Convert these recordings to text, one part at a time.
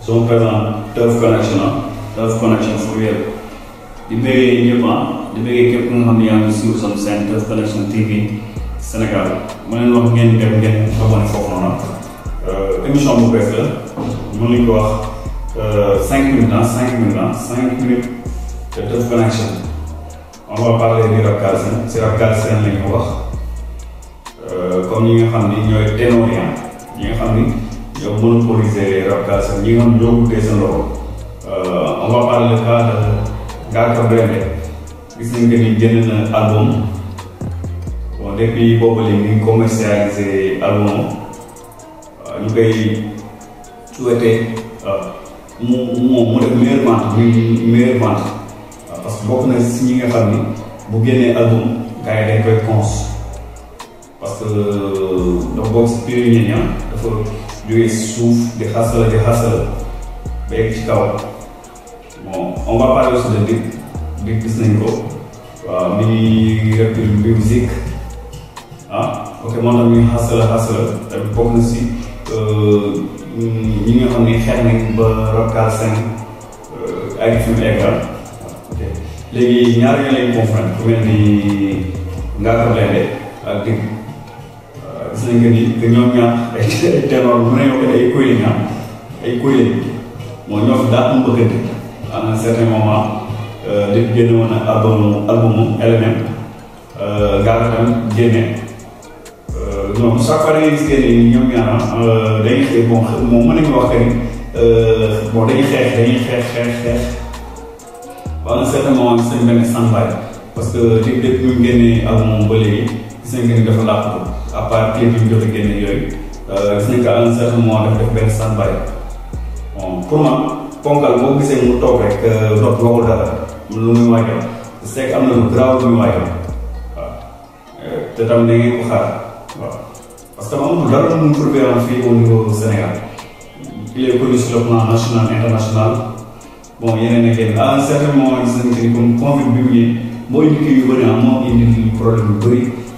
so par exemple Teuf Connection Teuf Connection fu wér di bëggee ñëpp di bëggee képp nga xam ne yaa ngi siiw sama seen Teuf Connection TV Sénégal ma leen wax ngeen dem ngeen abonné foofu noonu émission bu bees la mën nañu ko wax minutes ah minutes ah minutes de Connection on va parler di rap galsen si rap galsen la ñu wax comme ñi nga xam nga monopoliser Raptation ñi nga xam ñoo guddee sa loxo on va parler le cas de Ngaaka Blindé gis nañ que ni jënd na album bon depuis boobu léegi ñu ngi commercialisé album ñu koy souhaité mu mu def meilleure vente muy meilleure vente parce que bokk si ñi nga xam ni bu génnee album gars yi dañ parce que euh, dafa bokk si pionnier ña di xasala di xasala ba yegg ci kaw bon on va parler aussi de Dip Dip waaw mi ngi rek musique ah ok moom xasala xasala tamit na si euh, ñi xam ne xeex nañ ba Rocka 5 euh, ak fi mu eggal ah. ok léegi ñaar ñoo leen confronté ku mel ni Ngaaka Blindé ak Dip gis nañ nga ni ñoom ñaar ay ténor mu ne ñoo ko ay kuy lañ ay kuy lañ mooy ñoo fi daa am bëggante à un certain moment li génne woon ak album album LMM gàllankoor tam génne ñoom chaque fois da ngay gis que ñoom ñaar dañuy xeex bon moom mën nañu wax que ni euh, bon dañuy xeex dañuy xeex xeex xeex ba à un certain moment gis nañ benn sàmbaay parce que lépp lépp ñu génnee album ba léegi gis nañ que ni dafa làqu à partir bi ñu jot a génne yooyu euh, gis nañ ko à un certain moment daf def benn standby bon pour man ponkal boo gisee mu toog rek euh, noppi waxul dara lu muy waajal c'est que am na lu grave lu muy waajal waaw euh, te tam da ngeen ko xaar waaw parce que amul dara lu mu prouvé fii au niveau national international bon yeneen a génn à un certain moment gis nañ que ni moo indi yu bëri ah moo indi problème yu bëri.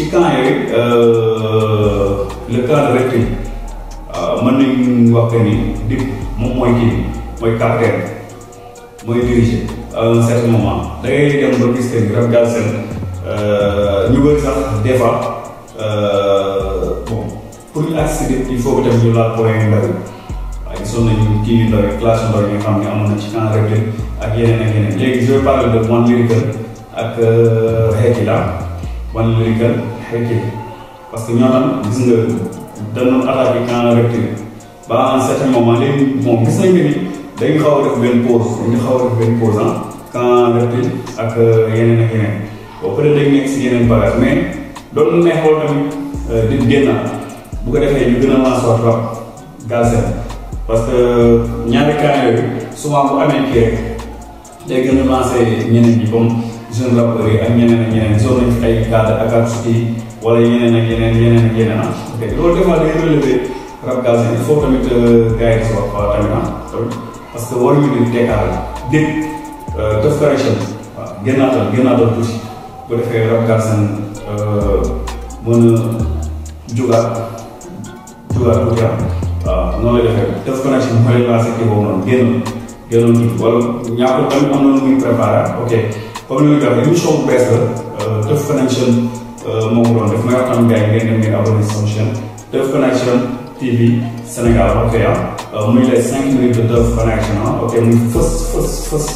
ci camp yooyu euh, le camp de Rétry euh, mën nañu wax que ni DIP moom mooy kii mooy capitaine mooy diriger un certain moment da ngay dem ba gis que ni rab gaal seen euh, ñu ñu laal point ndaw yi waaye gisoon nañu kii yu ndaw yi classe ndaw xam ne amoon na ci camp ak yeneen ak yeneen léegi je vais parler de Mane Lyrical ak Hekila wan luy gën xekkee parce que ñoo tam gis nga danoon attaqué camp rectiligne ba à un certain moment léegi moom gis nañ que ni dañu xaw a benn pause dañu xaw a benn pause ah camp rectiligne ak euh, euh, di génnaat ah. bu ko defee ñu gën a lancer waat Galsen parce que euh, ñaari camp yooyu souvent bu amee kii rek day gën a lancer ñeneen ñi comme. jeune labeur yi ak ñeneen ak ñeneen soog nañ ay gàdd ak artistes wala yeneen ak yeneen yeneen ak yeneen ah. ok loolu des fois day relever rab gaz il faut tamit euh, gars yi di si wax tamit ah tamit parce que waruñu di décalé dégg euh, def correction waaw gënaatal gënaatal tuuti bu defee rab gaz euh, mën a jugaat jugaat tuuti waaw noonu lay defee def connexion mooy lancé kii boobu noonu génn génnoon kii wala ñaata tamit am na lu muy préparé ah, ok. comme ni ma ko waxee émission bu bees la euh, Teuf Connection euh, moo ko doon def may waxtaan yi ngeen dem ngeen abonné sama chaîne Teuf Connection TV Sénégal ok ah euh, muy les cinq minutes de Teuf Connection ah ok muy fës fës fës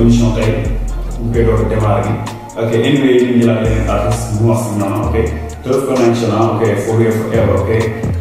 émission tey bu koy doon démarrer bi ok anyway ñu ngi laaj leen artiste bu wax si ñoom ah, ok Teuf Connection ah ok foogee forever ok.